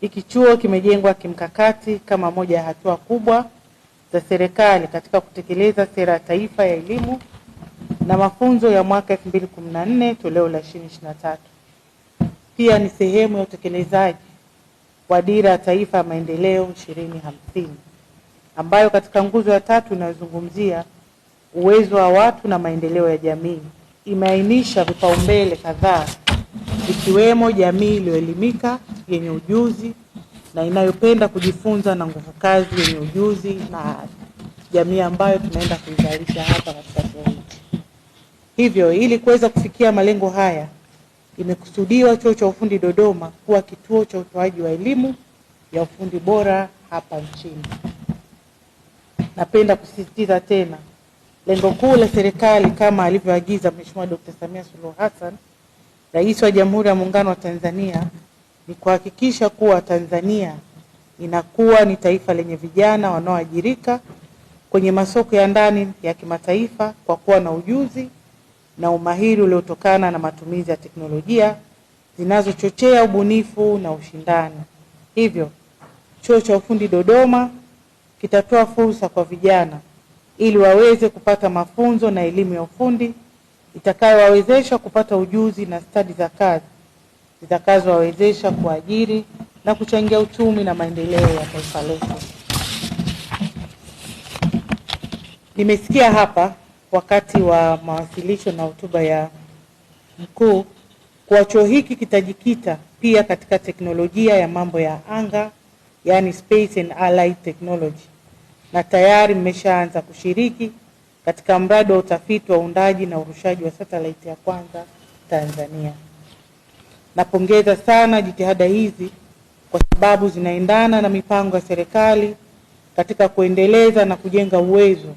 Hiki chuo kimejengwa kimkakati kama moja ya hatua kubwa za serikali katika kutekeleza sera ya taifa ya elimu na mafunzo ya mwaka 2014 toleo la 2023. Pia ni sehemu ya utekelezaji wa dira ya taifa ya maendeleo 2050 ambayo katika nguzo ya tatu inayozungumzia uwezo wa watu na maendeleo ya jamii imeainisha vipaumbele kadhaa ikiwemo jamii iliyoelimika yenye ujuzi na inayopenda kujifunza na nguvu kazi yenye ujuzi na jamii ambayo tunaenda kuizalisha hapa katika chuo hiki. Hivyo, ili kuweza kufikia malengo haya, imekusudiwa Chuo cha Ufundi Dodoma kuwa kituo cha utoaji wa elimu ya ufundi bora hapa nchini. Napenda kusisitiza tena lengo kuu la serikali kama alivyoagiza Mheshimiwa Dr. Samia Suluhu Hassan, Rais wa Jamhuri ya Muungano wa Tanzania ni kuhakikisha kuwa Tanzania inakuwa ni taifa lenye vijana wanaoajirika kwenye masoko ya ndani ya kimataifa kwa kuwa na ujuzi na umahiri uliotokana na matumizi ya teknolojia zinazochochea ubunifu na ushindani. Hivyo, Chuo cha Ufundi Dodoma kitatoa fursa kwa vijana ili waweze kupata mafunzo na elimu ya ufundi itakayowawezesha kupata ujuzi na stadi za kazi zitakazowawezesha kuajiri na kuchangia uchumi na maendeleo ya taifa letu. Nimesikia hapa wakati wa mawasilisho na hotuba ya mkuu kuwa chuo hiki kitajikita pia katika teknolojia ya mambo ya anga, yani space and allied technology, na tayari mmeshaanza kushiriki katika mradi wa utafiti wa uundaji na urushaji wa satellite ya kwanza Tanzania. Napongeza sana jitihada hizi kwa sababu zinaendana na mipango ya serikali katika kuendeleza na kujenga uwezo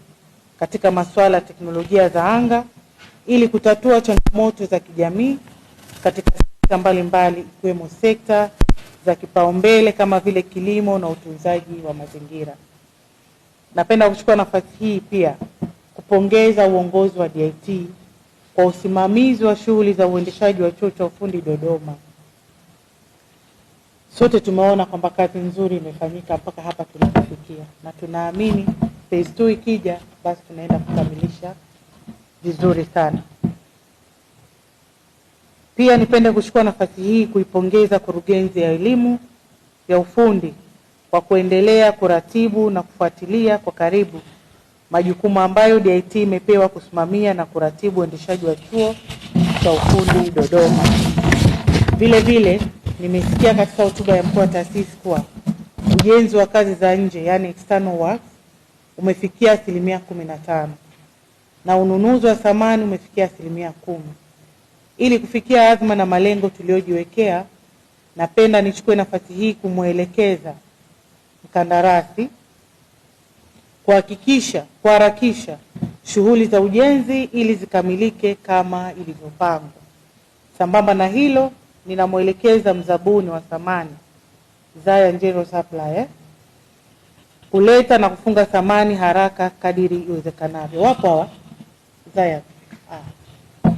katika masuala ya teknolojia za anga ili kutatua changamoto za kijamii katika sekta mbalimbali ikiwemo sekta za kipaumbele kama vile kilimo na utunzaji wa mazingira. Napenda kuchukua nafasi hii pia kupongeza uongozi wa DIT kwa usimamizi wa shughuli za uendeshaji wa chuo cha ufundi Dodoma. Sote tumeona kwamba kazi nzuri imefanyika mpaka hapa tulipofikia, na tunaamini phase 2 ikija, basi tunaenda kukamilisha vizuri sana. Pia nipende kuchukua nafasi hii kuipongeza Kurugenzi ya Elimu ya Ufundi kwa kuendelea kuratibu na kufuatilia kwa karibu majukumu ambayo DIT imepewa kusimamia na kuratibu uendeshaji wa chuo cha ufundi Dodoma. Vile vile nimesikia katika hotuba ya mkuu wa taasisi kuwa ujenzi wa kazi za nje yani external works umefikia asilimia kumi na tano na ununuzi wa samani umefikia asilimia kumi. Ili kufikia azma na malengo tuliyojiwekea, napenda nichukue nafasi hii kumwelekeza mkandarasi kuhakikisha kuharakisha shughuli za ujenzi ili zikamilike kama ilivyopangwa. Sambamba na hilo, ninamwelekeza mzabuni wa samani Zaya Njero Supply eh, kuleta na kufunga samani haraka kadiri iwezekanavyo. Wapo hawa Zaya? Ah,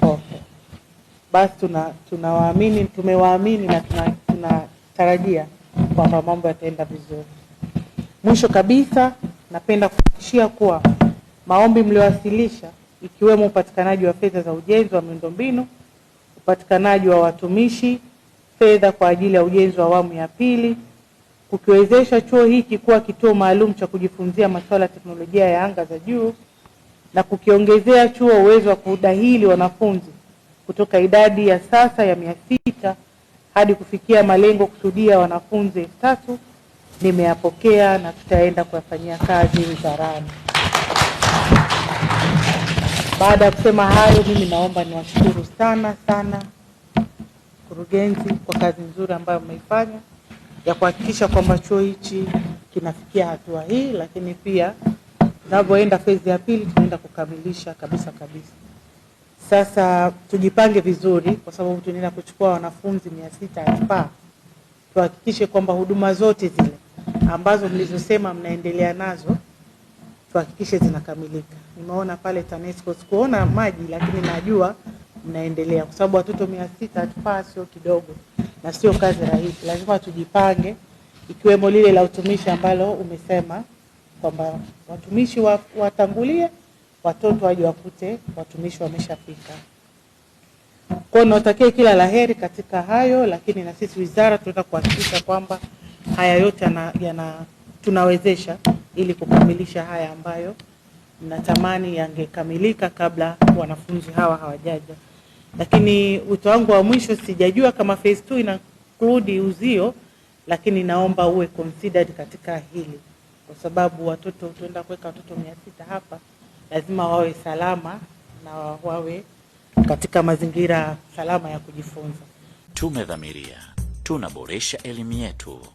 okay. Basi tuna tunawaamini tumewaamini na tunatarajia tuna kwamba mambo yataenda vizuri. Mwisho kabisa napenda kuhakikishia kuwa maombi mliowasilisha ikiwemo upatikanaji wa fedha za ujenzi wa miundombinu, upatikanaji wa watumishi, fedha kwa ajili ya ujenzi wa awamu ya pili, kukiwezesha chuo hiki kuwa kituo maalum cha kujifunzia masuala ya teknolojia ya anga za juu na kukiongezea chuo uwezo wa kudahili wanafunzi kutoka idadi ya sasa ya mia sita hadi kufikia malengo kusudia wanafunzi elfu tatu nimeyapokea na tutaenda kuyafanyia kazi wizarani. Baada ya kusema hayo, mimi naomba niwashukuru sana sana mkurugenzi kwa kazi nzuri ambayo mmeifanya ya kuhakikisha kwamba chuo hichi kinafikia hatua hii, lakini pia tunavyoenda fezi ya pili tunaenda kukamilisha kabisa kabisa. Sasa tujipange vizuri, kwa sababu tunaenda kuchukua wanafunzi mia sita spa, tuhakikishe kwamba huduma zote zile ambazo mlizosema mnaendelea nazo tuhakikishe zinakamilika. Nimeona pale TANESCO sikuona maji, lakini najua mnaendelea, kwa sababu watoto mia sita tupaa sio kidogo na sio kazi rahisi. Lazima tujipange, ikiwemo lile la utumishi ambalo umesema kwamba watumishi watangulie, watoto waje wakute watumishi wameshafika. Kwa hiyo natakia kila laheri katika hayo, lakini na sisi wizara tunaenda kuhakikisha kwamba haya yote yana, yana tunawezesha ili kukamilisha haya ambayo natamani yangekamilika kabla wanafunzi hawa hawajaja. Lakini wito wangu wa mwisho, sijajua kama phase 2 ina include uzio, lakini naomba uwe considered katika hili, kwa sababu watoto tuenda kuweka watoto 600 hapa, lazima wawe salama na wawe katika mazingira salama ya kujifunza. Tumedhamiria tunaboresha elimu yetu.